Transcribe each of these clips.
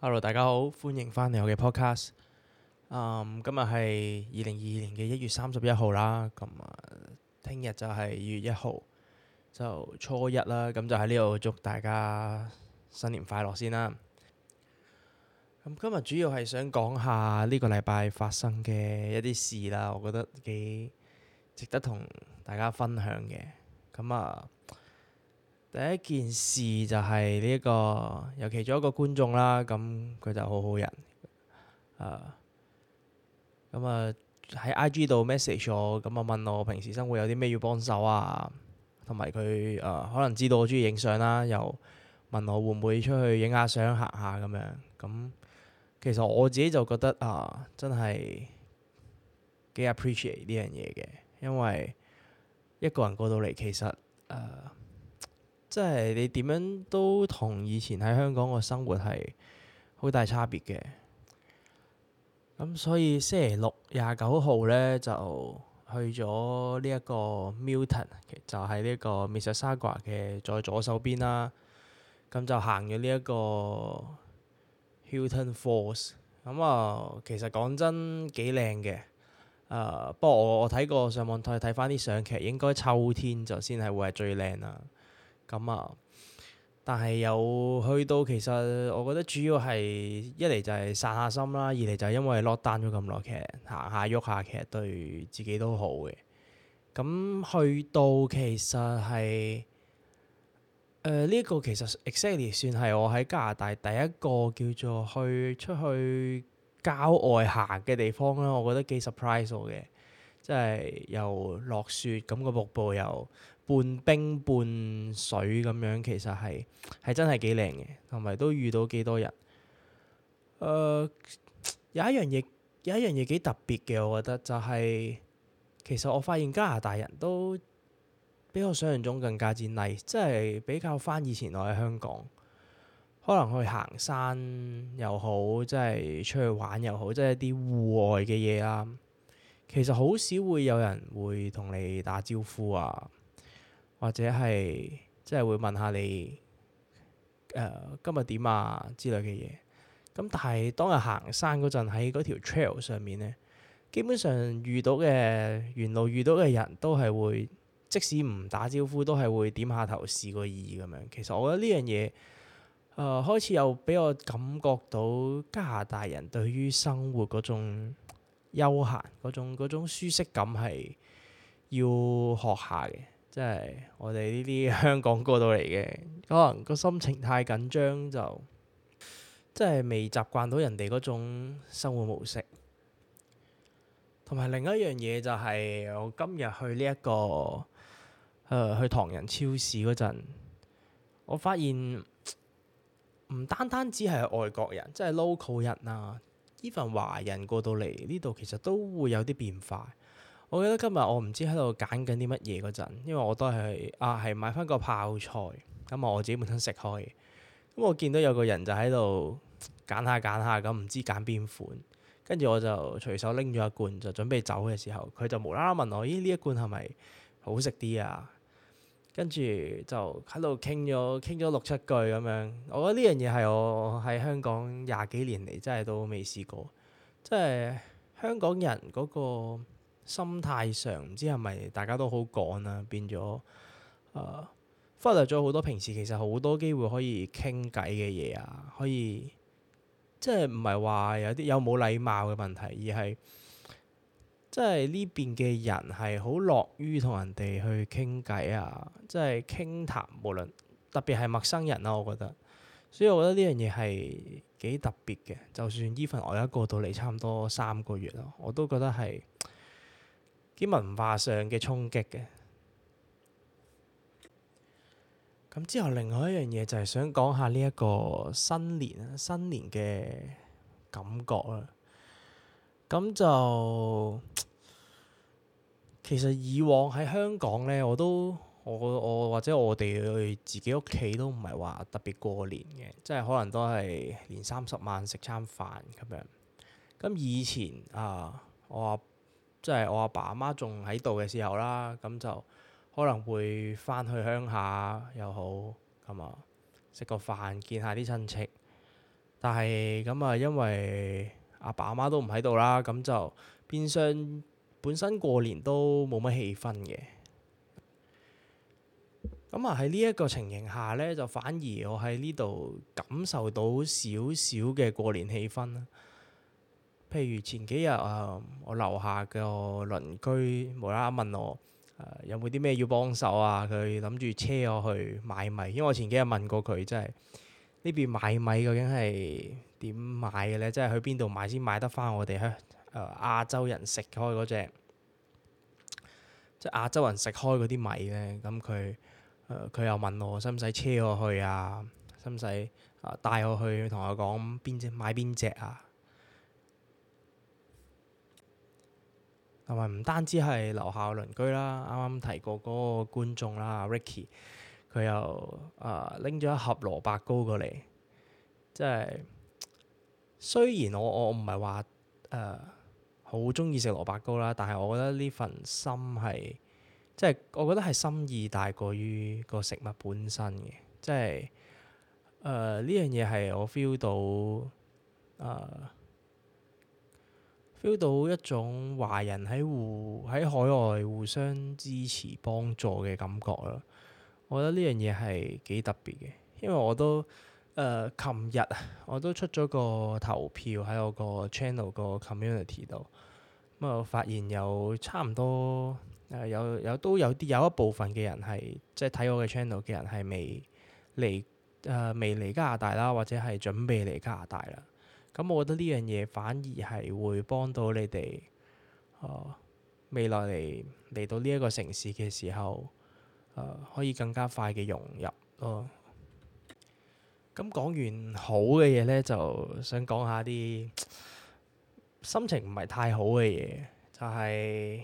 Hello，大家好，歡迎翻嚟我嘅 podcast、嗯。今日係二零二二年嘅一月三十一號啦，咁、嗯、啊，聽日就係二月一號，就初一啦，咁、嗯、就喺呢度祝大家新年快樂先啦。咁、嗯、今日主要係想講下呢個禮拜發生嘅一啲事啦，我覺得幾值得同大家分享嘅。咁、嗯、啊～、嗯第一件事就係呢一個，尤其做一個觀眾啦，咁、嗯、佢就好好人，啊，咁啊喺 I G 度 message 我，咁、嗯、啊，問我平時生活有啲咩要幫手啊，同埋佢可能知道我中意影相啦，又問我會唔會出去影下相行下咁樣，咁、嗯、其實我自己就覺得啊，真係幾 appreciate 呢樣嘢嘅，因為一個人過到嚟其實、啊即係你點樣都同以前喺香港個生活係好大差別嘅。咁所以星期六廿九號呢，就去咗呢一個 Milton，就喺呢個 Mississauga 嘅左左手邊啦。咁就行咗呢一個 Hilton Falls。咁啊，其實講真幾靚嘅。不過我睇過上網睇睇翻啲相劇，應該秋天就先係會係最靚啦。咁啊！但係又去到，其實我覺得主要係一嚟就係散下心啦，二嚟就係因為落單咗咁耐，其實行下喐下，其實對自己都好嘅。咁、嗯、去到其實係誒呢個其實 exactly 算係我喺加拿大第一個叫做去出去郊外行嘅地方啦。我覺得幾 surprise 嘅，即係又落雪，咁個瀑布又～半冰半水咁樣，其實係係真係幾靚嘅，同埋都遇到幾多人。誒、呃，有一樣嘢有一樣嘢幾特別嘅，我覺得就係、是、其實我發現加拿大人都比我想象中更加健麗，即係比較翻以前我喺香港可能去行山又好，即係出去玩又好，即係一啲戶外嘅嘢啦。其實好少會有人會同你打招呼啊。或者係即係會問下你、呃、今日點啊之類嘅嘢。咁但係當日行山嗰陣喺嗰條 trail 上面呢，基本上遇到嘅沿路遇到嘅人都係會，即使唔打招呼都係會點下頭示個意咁樣。其實我覺得呢樣嘢誒，開始又俾我感覺到加拿大人對於生活嗰種休閒，嗰種嗰種舒適感係要學下嘅。即係我哋呢啲香港過到嚟嘅，可能個心情太緊張，就即係未習慣到人哋嗰種生活模式。同埋另一樣嘢就係我今日去呢、這、一個誒、呃、去唐人超市嗰陣，我發現唔單單只係外國人，即係 local 人啊，呢份華人過到嚟呢度，其實都會有啲變化。我記得今日我唔知喺度揀緊啲乜嘢嗰陣，因為我都係啊，係買翻個泡菜咁啊，我自己本身食開嘅。咁，嗯，我見到有個人就喺度揀下揀下咁，唔知揀邊款，跟住我就隨手拎咗一罐就準備走嘅時候，佢就無啦啦問我：「咦，呢一罐係咪好食啲啊？跟住就喺度傾咗傾咗六七句咁樣。我覺得呢樣嘢係我喺香港廿幾年嚟真係都未試過，即係香港人嗰個。心態上唔知係咪大家都好趕啦、啊，變咗、呃、忽略咗好多平時其實好多機會可以傾偈嘅嘢啊，可以即係唔係話有啲有冇禮貌嘅問題，而係即係呢邊嘅人係好樂於同人哋去傾偈啊，即係傾談，無論特別係陌生人啦、啊，我覺得，所以我覺得呢樣嘢係幾特別嘅。就算依份我一過到嚟差唔多三個月啦，我都覺得係。啲文化上嘅衝擊嘅，咁之後另外一樣嘢就係想講下呢一個新年，新年嘅感覺啦。咁就其實以往喺香港呢，我都我、我或者我哋去自己屋企都唔係話特別過年嘅，即係可能都係年三十晚食餐飯咁樣。咁以前啊，我阿即係我阿爸阿媽仲喺度嘅時候啦，咁就可能會翻去鄉下又好咁啊，食個飯見下啲親戚。但係咁啊，因為阿爸阿媽都唔喺度啦，咁就變相本身過年都冇乜氣氛嘅。咁啊，喺呢一個情形下呢，就反而我喺呢度感受到少少嘅過年氣氛啦。譬如前幾日、呃呃、啊，我樓下個鄰居無啦啦問我誒有冇啲咩要幫手啊？佢諗住車我去買米，因為我前幾日問過佢，即係呢邊買米究竟係點買嘅咧？即係去邊度買先買得翻我哋香誒亞洲人食開嗰隻，即係亞洲人食開嗰啲米咧。咁佢誒佢又問我使唔使車我去啊？使唔使誒帶我去同我講邊隻買邊隻啊？同埋唔單止係樓下鄰居啦，啱啱提過嗰個觀眾啦，Ricky，佢又誒拎咗一盒蘿蔔糕過嚟，即係雖然我我唔係話誒好中意食蘿蔔糕啦，但係我覺得呢份心係即係我覺得係心意大過於個食物本身嘅，即係誒呢樣嘢係我 feel 到誒。呃 feel 到一種華人喺互喺海外互相支持幫助嘅感覺咯，我覺得呢樣嘢係幾特別嘅，因為我都誒琴日我都出咗個投票喺我個 channel 個 community 度，咁我發現有差唔多誒、呃、有有都有啲有一部分嘅人係即係睇我嘅 channel 嘅人係未嚟誒、呃、未嚟加拿大啦，或者係準備嚟加拿大啦。咁我覺得呢樣嘢反而係會幫到你哋、啊，未來嚟到呢一個城市嘅時候、啊，可以更加快嘅融入。咁、啊、講完好嘅嘢呢，就想講下啲心情唔係太好嘅嘢，就係、是、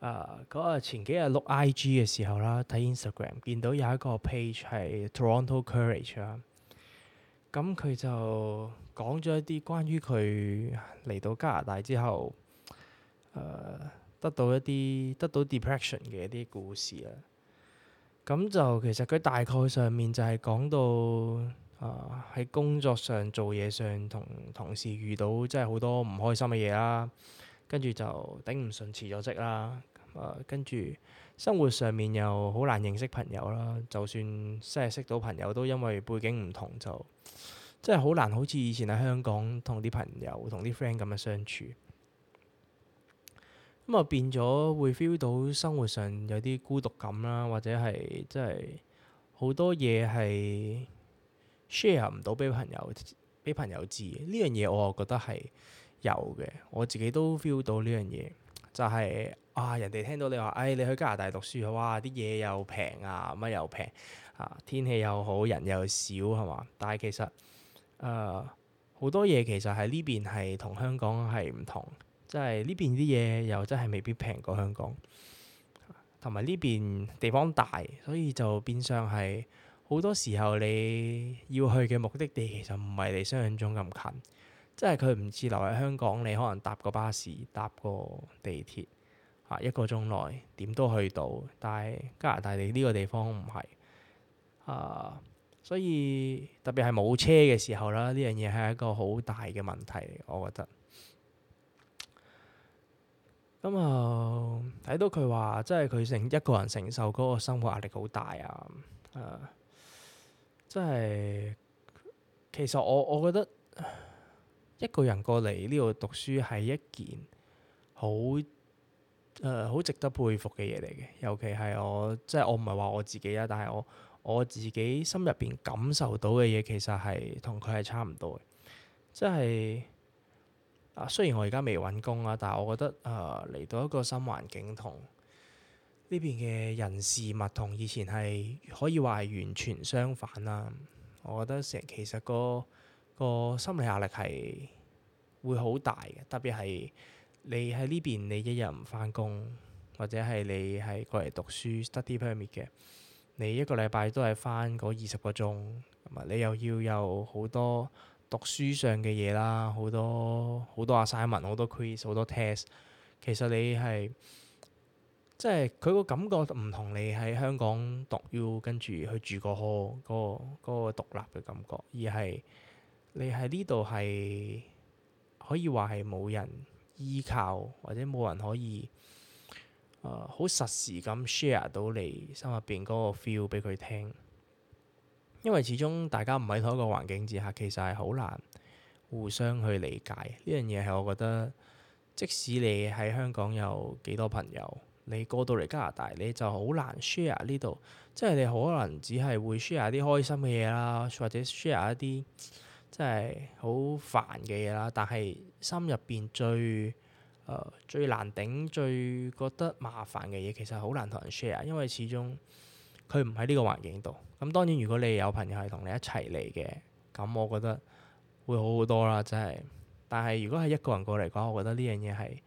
啊嗰、那個前幾日碌 I G 嘅時候啦，睇 Instagram 見到有一個 page 係 Toronto Courage 啊，咁佢就。講咗一啲關於佢嚟到加拿大之後，誒、呃、得到一啲得到 depression 嘅一啲故事啦。咁就其實佢大概上面就係講到啊喺、呃、工作上做嘢上同同事遇到真係好多唔開心嘅嘢啦，跟住就頂唔順辭咗職啦。跟、呃、住生活上面又好難認識朋友啦，就算真係識到朋友都因為背景唔同就。真係好難，好似以前喺香港同啲朋友、同啲 friend 咁樣相處。咁啊變咗會 feel 到生活上有啲孤獨感啦，或者係真係好多嘢係 share 唔到俾朋友、俾朋友知。呢樣嘢我啊覺得係有嘅，我自己都 feel 到呢樣嘢。就係、是、啊，人哋聽到你話，誒、哎、你去加拿大讀書，哇啲嘢又平啊，乜又平啊，天氣又好，人又少，係嘛？但係其實。誒好、uh, 多嘢其實喺呢邊係同香港係唔同，即係呢邊啲嘢又真係未必平過香港，同埋呢邊地方大，所以就變相係好多時候你要去嘅目的地其實唔係你想像中咁近，即係佢唔似留喺香港，你可能搭個巴士搭個地鐵嚇、啊、一個鐘內點都去到，但係加拿大地呢個地方唔係啊。所以特別係冇車嘅時候啦，呢樣嘢係一個好大嘅問題，我覺得。咁、嗯、啊，睇到佢話，即係佢成一個人承受嗰個生活壓力好大啊，誒、嗯，即係其實我我覺得一個人過嚟呢度讀書係一件好誒好值得佩服嘅嘢嚟嘅，尤其係我即係我唔係話我自己啦，但係我。我自己心入邊感受到嘅嘢，其實係同佢係差唔多嘅。即係啊，雖然我而家未揾工啊，但係我覺得啊，呃、嚟到一個新環境同呢邊嘅人事物同以前係可以話係完全相反啦。我覺得成其實、嗰個、嗰個心理壓力係會好大嘅，特別係你喺呢邊，你一日唔返工，或者係你係過嚟讀書 study permit 嘅。你一個禮拜都係返嗰二十個鐘，你又要有好多讀書上嘅嘢啦，好多好多 assignment，好多 quiz，好多 test。其實你係即係佢個感覺唔同你喺香港讀 U，跟住去住個 Hall，嗰個、嗰個獨立嘅感覺，而係你喺呢度係可以話係冇人依靠，或者冇人可以。好、uh，實時咁 share 到你心入邊嗰個 feel 俾佢聽，因為始終大家唔喺同一個環境之下，其實係好難互相去理解呢樣嘢。係我覺得，即使你喺香港有幾多朋友，你過到嚟加拿大，你就好難 share 呢度。即係你可能只係會 share 啲開心嘅嘢啦，或者 share 一啲即係好煩嘅嘢啦。但係心入邊最呃、最難頂、最覺得麻煩嘅嘢，其實好難同人 share，因為始終佢唔喺呢個環境度。咁當然，如果你有朋友係同你一齊嚟嘅，咁我覺得會好好多啦，真係。但係如果係一個人過嚟嘅話，我覺得呢樣嘢係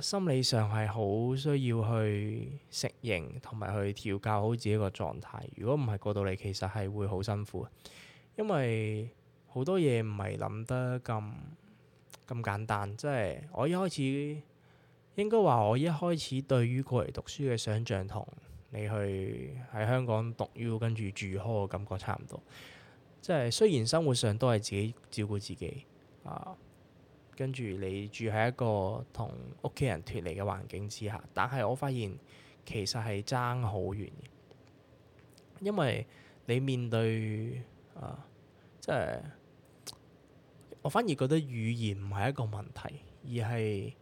心理上係好需要去適應同埋去調教好自己個狀態。如果唔係過到嚟，其實係會好辛苦，因為好多嘢唔係諗得咁咁簡單，即係我一開始應該話我一開始對於過嚟讀書嘅想像同你去喺香港讀 U 跟住住開嘅感覺差唔多，即係雖然生活上都係自己照顧自己啊，跟住你住喺一個同屋企人脫離嘅環境之下，但係我發現其實係爭好遠，因為你面對啊即係。我反而覺得語言唔係一個問題，而係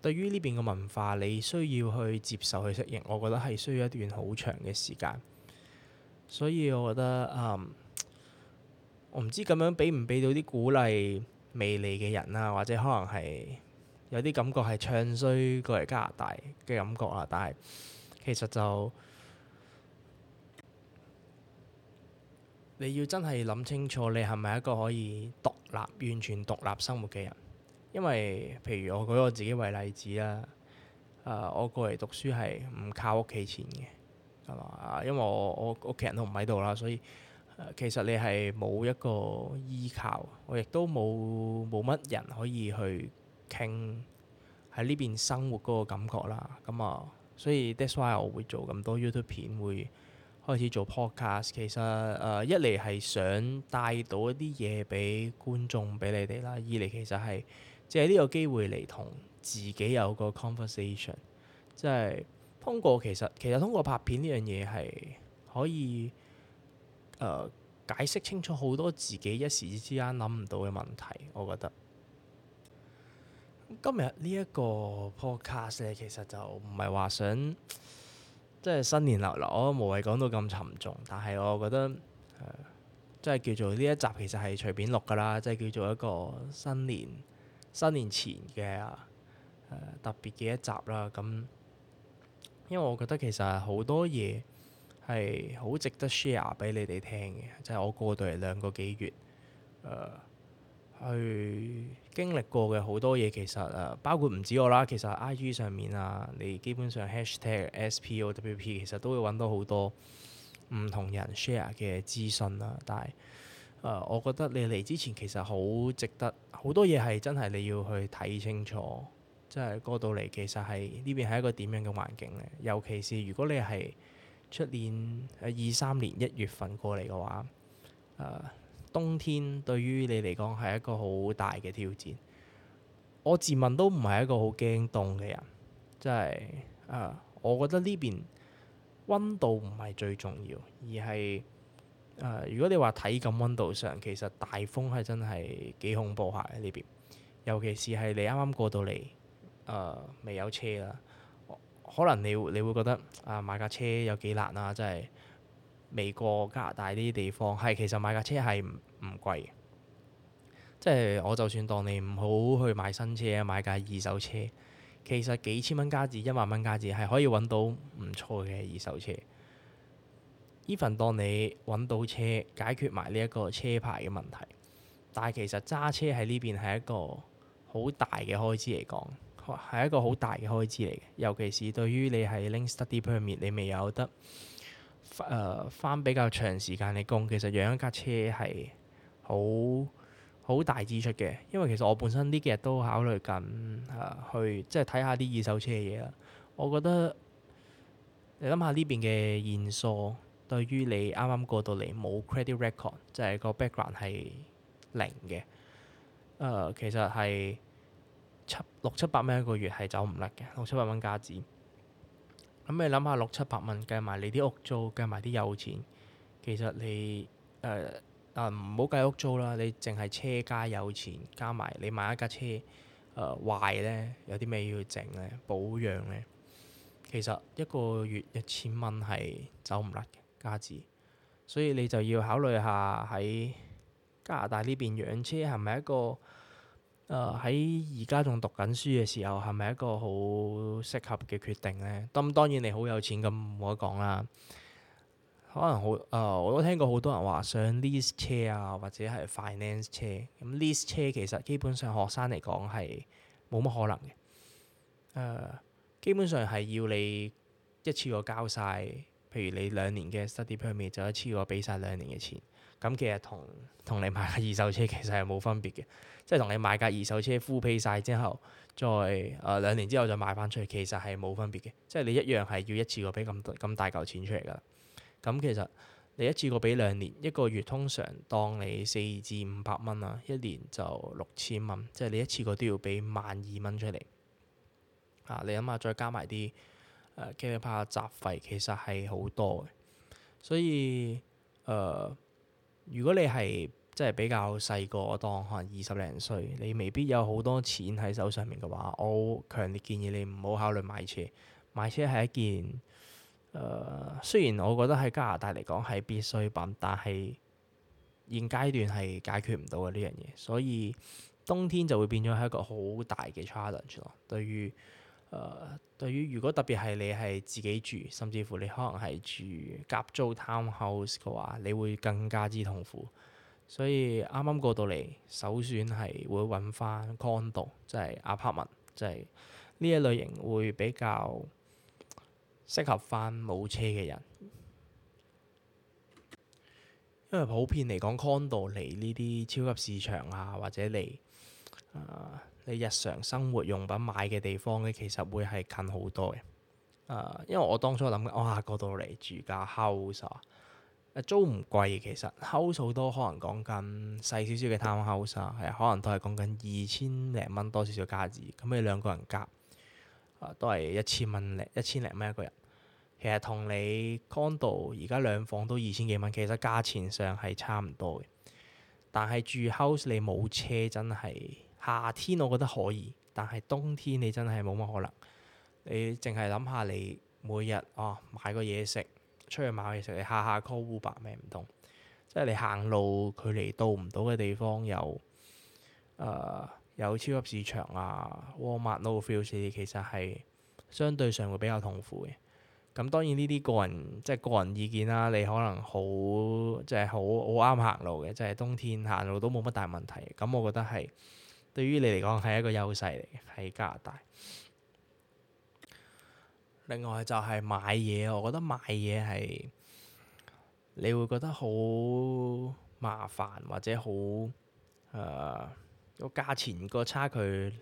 對於呢邊嘅文化，你需要去接受、去適應。我覺得係需要一段好長嘅時間。所以，我覺得，嗯，我唔知咁樣俾唔俾到啲鼓勵未嚟嘅人啊，或者可能係有啲感覺係唱衰過嚟加拿大嘅感覺啊。但係其實就你要真係諗清楚，你係咪一個可以讀立完全獨立生活嘅人，因為譬如我舉我自己為例子啦，誒、呃、我過嚟讀書係唔靠屋企錢嘅，係嘛？因為我我屋企人都唔喺度啦，所以其實你係冇一個依靠，我亦都冇冇乜人可以去傾喺呢邊生活嗰個感覺啦。咁、嗯、啊，所以 that's why 我會做咁多 YouTube 片會。開始做 podcast，其實誒、呃、一嚟係想帶到一啲嘢俾觀眾，俾你哋啦；二嚟其實係借呢個機會嚟同自己有個 conversation，即係通過其實其實通過拍片呢樣嘢係可以誒、呃、解釋清楚好多自己一時之間諗唔到嘅問題，我覺得今日呢一個 podcast 呢，其實就唔係話想。即係新年流流，我都無謂講到咁沉重，但係我覺得，呃、即係叫做呢一集其實係隨便錄㗎啦，即係叫做一個新年新年前嘅、呃、特別嘅一集啦。咁，因為我覺得其實好多嘢係好值得 share 俾你哋聽嘅，即係我過到嚟兩個幾月、呃去經歷過嘅好多嘢，其實啊，包括唔止我啦。其實 I G 上面啊，你基本上 hashtag S P O W P 其實都會揾到好多唔同人 share 嘅資訊啦。但係、呃、我覺得你嚟之前其實好值得，好多嘢係真係你要去睇清楚。即係過到嚟，其實係呢邊係一個點樣嘅環境呢？尤其是如果你係出年二三年一月份過嚟嘅話，呃冬天對於你嚟講係一個好大嘅挑戰。我自問都唔係一個好驚凍嘅人，即係啊，我覺得呢邊溫度唔係最重要，而係、呃、如果你話體感溫度上，其實大風係真係幾恐怖下，喺呢邊。尤其是係你啱啱過到嚟，未、呃、有車啦，可能你你會覺得啊、呃、買架車有幾難啊，真係。美國、加拿大呢啲地方係其實買架車係唔唔貴，即係我就算當你唔好去買新車，買架二手車，其實幾千蚊加至一萬蚊加至係可以揾到唔錯嘅二手車。Even 當你揾到車，解決埋呢一個車牌嘅問題，但係其實揸車喺呢邊係一個好大嘅開支嚟講，係一個好大嘅開支嚟嘅，尤其是對於你係 Link study permit，你未有得。誒、呃、返比較長時間嘅工，其實養一架車係好好大支出嘅，因為其實我本身呢幾日都考慮緊、呃、去，即係睇下啲二手車嘅嘢啦。我覺得你諗下呢邊嘅現數，對於你啱啱過到嚟冇 credit record，即係個 background 係零嘅、呃。其實係七六七百蚊一個月係走唔甩嘅，六七百蚊加字。咁、嗯、你諗下六七百蚊計埋你啲屋你租，計埋啲油錢，其實你誒、呃、啊唔好計屋租啦，你淨係車加油錢加埋你買一架車誒、呃、壞咧，有啲咩要整呢？保養呢。其實一個月一千蚊係走唔甩嘅家資。所以你就要考慮下喺加拿大呢邊養車係咪一個？誒喺而家仲讀緊書嘅時候，係咪一個好適合嘅決定呢？咁、嗯、當然你好有錢，咁冇得講啦。可能好誒、呃，我都聽過好多人話想 lease 車啊，或者係 finance 車。咁、嗯、lease 車其實基本上學生嚟講係冇乜可能嘅、呃。基本上係要你一次過交晒。譬如你兩年嘅 study permit，就一次過俾晒兩年嘅錢。咁其實同同你買架二手車其實係冇分別嘅，即係同你買架二手車 full pay 晒之後，再誒兩年之後再賣翻出去，其實係冇分別嘅。即係你一樣係要一次過俾咁咁大嚿錢出嚟㗎。咁其實你一次過俾兩年一個月，通常當你四至五百蚊啦，一年就六千蚊，即係你一次過都要俾萬二蚊出嚟。啊，你諗下，再加埋啲誒噼里啪啦雜費，其實係好多嘅，所以誒。呃如果你係即係比較細個，當可能二十零歲，你未必有好多錢喺手上面嘅話，我強烈建議你唔好考慮買車。買車係一件誒、呃，雖然我覺得喺加拿大嚟講係必需品，但係現階段係解決唔到嘅呢樣嘢，所以冬天就會變咗係一個好大嘅 challenge 咯，對於。誒、呃，對於如果特別係你係自己住，甚至乎你可能係住夾租 townhouse 嘅話，你會更加之痛苦。所以啱啱過到嚟，首選係會揾翻 condo，即係 apartment，即係呢一類型會比較適合翻冇車嘅人，因為普遍嚟講 condo 離呢啲超級市場啊，或者離。誒、呃。你日常生活用品買嘅地方咧，其實會係近好多嘅。啊、呃，因為我當初我諗，哇，度嚟住家 house 啊，租唔貴，其實 house 好多可能講緊細少少嘅 town house，啊，可能都係講緊二千零蚊多少少價錢，咁你兩個人夾、呃、都係一千蚊零，一千零蚊一個人。其實同你 condo 而家兩房都二千幾蚊，其實價錢上係差唔多嘅。但係住 house 你冇車真係～夏天我覺得可以，但係冬天你真係冇乜可能。你淨係諗下，你每日啊，買個嘢食，出去買嘢食，你下下 call Uber 咩唔同，即係你行路距離到唔到嘅地方有誒、呃、有超級市場啊，Walmart No Frills 其實係相對上會比較痛苦嘅。咁當然呢啲個人即係、就是、個人意見啦、啊，你可能好即係好好啱行路嘅，即、就、係、是、冬天行路都冇乜大問題。咁我覺得係。對於你嚟講係一個優勢嚟喺加拿大。另外就係買嘢，我覺得買嘢係你會覺得好麻煩，或者好誒個價錢個差距誒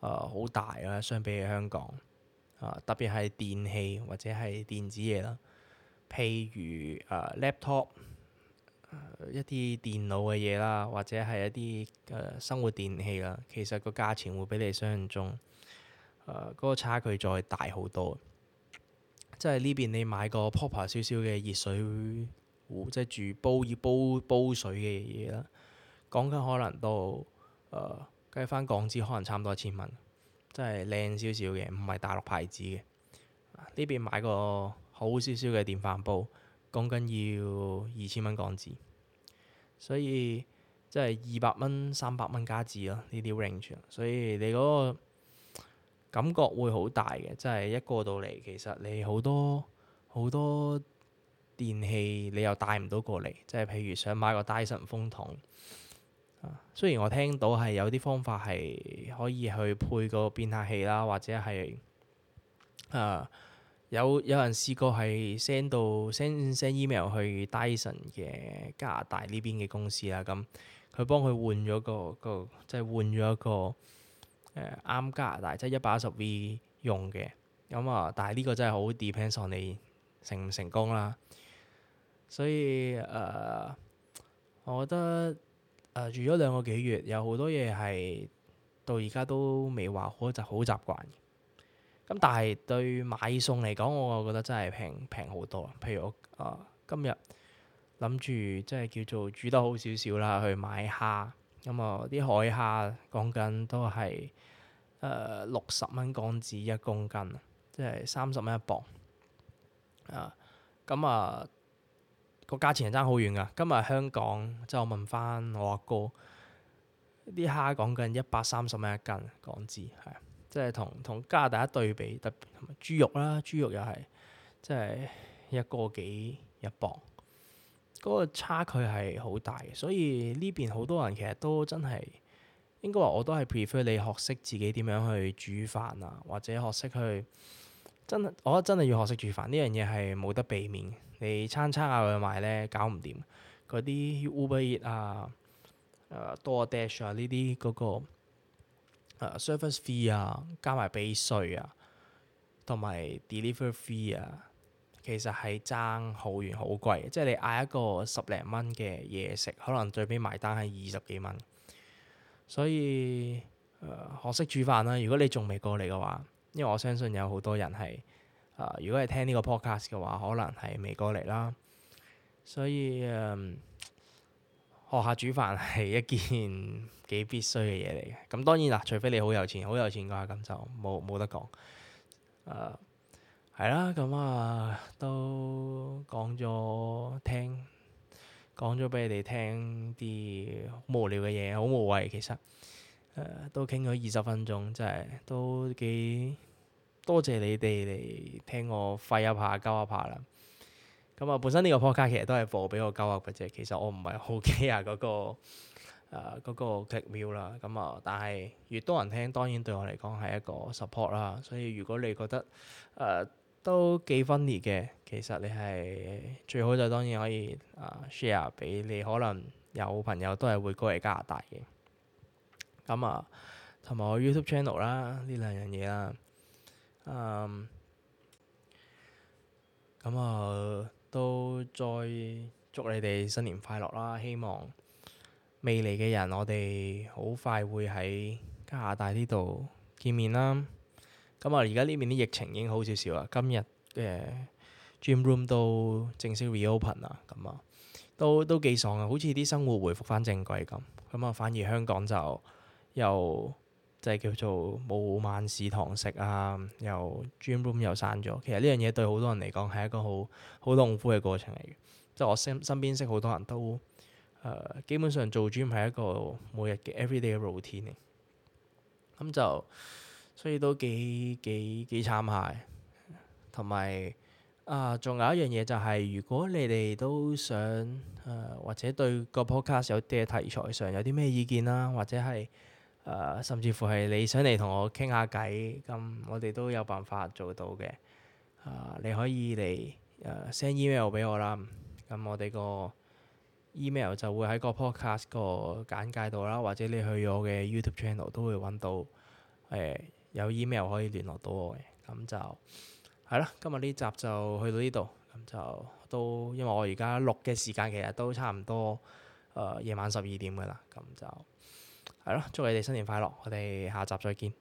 好大啦，相比起香港。啊、呃，特別係電器或者係電子嘢啦，譬如誒 laptop。呃呃、一啲電腦嘅嘢啦，或者係一啲誒、呃、生活電器啦，其實個價錢會比你想象中誒嗰、呃嗰個差距再大好多。即係呢邊你買個 proper 少少嘅熱水壺，即係煮煲要煲煲水嘅嘢啦，講緊可能都誒計翻港紙可能差唔多一千蚊，即係靚少少嘅，唔係大陸牌子嘅。呢邊買個好少少嘅電飯煲，講緊要二千蚊港紙，所以即係二百蚊、三百蚊加紙咯，呢啲 range，所以你嗰個感覺會好大嘅，即係一過到嚟，其實你好多好多電器你又帶唔到過嚟，即係譬如想買個 Dyson 風筒，啊，雖然我聽到係有啲方法係可以去配個變壓器啦，或者係啊。有有人試過係 send 到 send send email 去 Dyson 嘅加拿大呢邊嘅公司啦，咁佢幫佢換咗個個即係換咗一個啱、呃、加拿大即係一百一十 V 用嘅。咁啊，但係呢個真係好 depends on 你成唔成功啦。所以誒、呃，我覺得誒、呃、住咗兩個幾月，有好多嘢係到而家都未話好就好習慣。咁但係對買餸嚟講，我覺得真係平平好多。譬如我、啊、今日諗住即係叫做煮得好少少啦，去買蝦。咁、嗯、啊，啲海蝦講緊都係誒六十蚊港紙一公斤，即係三十蚊一磅。啊，咁、嗯、啊、這個價錢係爭好遠噶。今日香港即係我問翻我阿哥，哥，啲蝦講緊一百三十蚊一斤港紙，係。即係同同加拿大一對比，特別豬肉啦，豬肉又係即係一個幾一磅，嗰個差距係好大嘅。所以呢邊好多人其實都真係應該話我都係 prefer 你學識自己點樣去煮飯啊，或者學識去真，我覺得真係要學識煮飯呢樣嘢係冇得避免嘅。你餐餐嗌佢買咧，搞唔掂嗰啲 Uber 啊、誒 DoorDash 呢啲嗰個。誒 service fee 啊，加埋避稅啊，同埋 delivery fee 啊，其實係爭好遠好貴，即係你嗌一個十零蚊嘅嘢食，可能最尾埋單係二十幾蚊。所以誒，學、呃、識煮飯啦。如果你仲未過嚟嘅話，因為我相信有好多人係、呃、如果係聽呢個 podcast 嘅話，可能係未過嚟啦。所以誒。嗯學下煮飯係一件幾必須嘅嘢嚟嘅，咁當然啦，除非你好有錢，好有錢嘅話，咁就冇冇得講。誒、呃，係啦，咁啊都講咗聽，講咗俾你哋聽啲無聊嘅嘢，好無謂，其實、呃、都傾咗二十分鐘，真係都幾多謝你哋嚟聽我廢一下鳩一下啦。咁啊，本身呢個 podcast 其實都係播俾我交啊。嘅啫，其實我唔係好 care 嗰、嗰個誒嗰、呃嗰個 click view 啦。咁、嗯、啊，但係越多人聽，當然對我嚟講係一個 support 啦。所以如果你覺得誒、呃、都幾 funny 嘅，其實你係最好就當然可以啊、呃、share 俾你可能有朋友都係會過嚟加拿大嘅。咁、嗯、啊，同埋我 YouTube channel 啦，呢兩樣嘢啦。咁、嗯、啊。嗯嗯都再祝你哋新年快樂啦！希望未嚟嘅人，我哋好快會喺加拿大呢度見面啦。咁、嗯、啊，而家呢邊啲疫情已經好少少啦。今日嘅 Gym Room 都正式 reopen 啦。咁、嗯、啊、嗯，都都幾爽啊！好似啲生活回復翻正軌咁。咁、嗯、啊、嗯，反而香港就又～就係叫做冇晚市堂食啊，又 gym room 又散咗。其實呢樣嘢對好多人嚟講係一個好好痛苦嘅過程嚟嘅。即係我身身邊識好多人都、呃、基本上做 gym 係一個每日嘅 everyday routine。咁、嗯、就所以都幾幾幾慘下同埋啊，仲有、呃、有一樣嘢就係、是，如果你哋都想誒、呃，或者對個 podcast 有啲嘅題材上有啲咩意見啦、啊，或者係。甚至乎係你想嚟同我傾下偈，咁我哋都有辦法做到嘅。你可以嚟 send email 俾我啦。咁我哋個 email 就會喺個 podcast 個簡介度啦，或者你去我嘅 YouTube channel 都會揾到，誒有 email 可以聯絡到我嘅。咁就係啦，今日呢集就去到呢度。咁就都因為我而家錄嘅時間其實都差唔多夜晚十二點嘅啦。咁就～係囉，祝你哋新年快樂！我哋下集再見。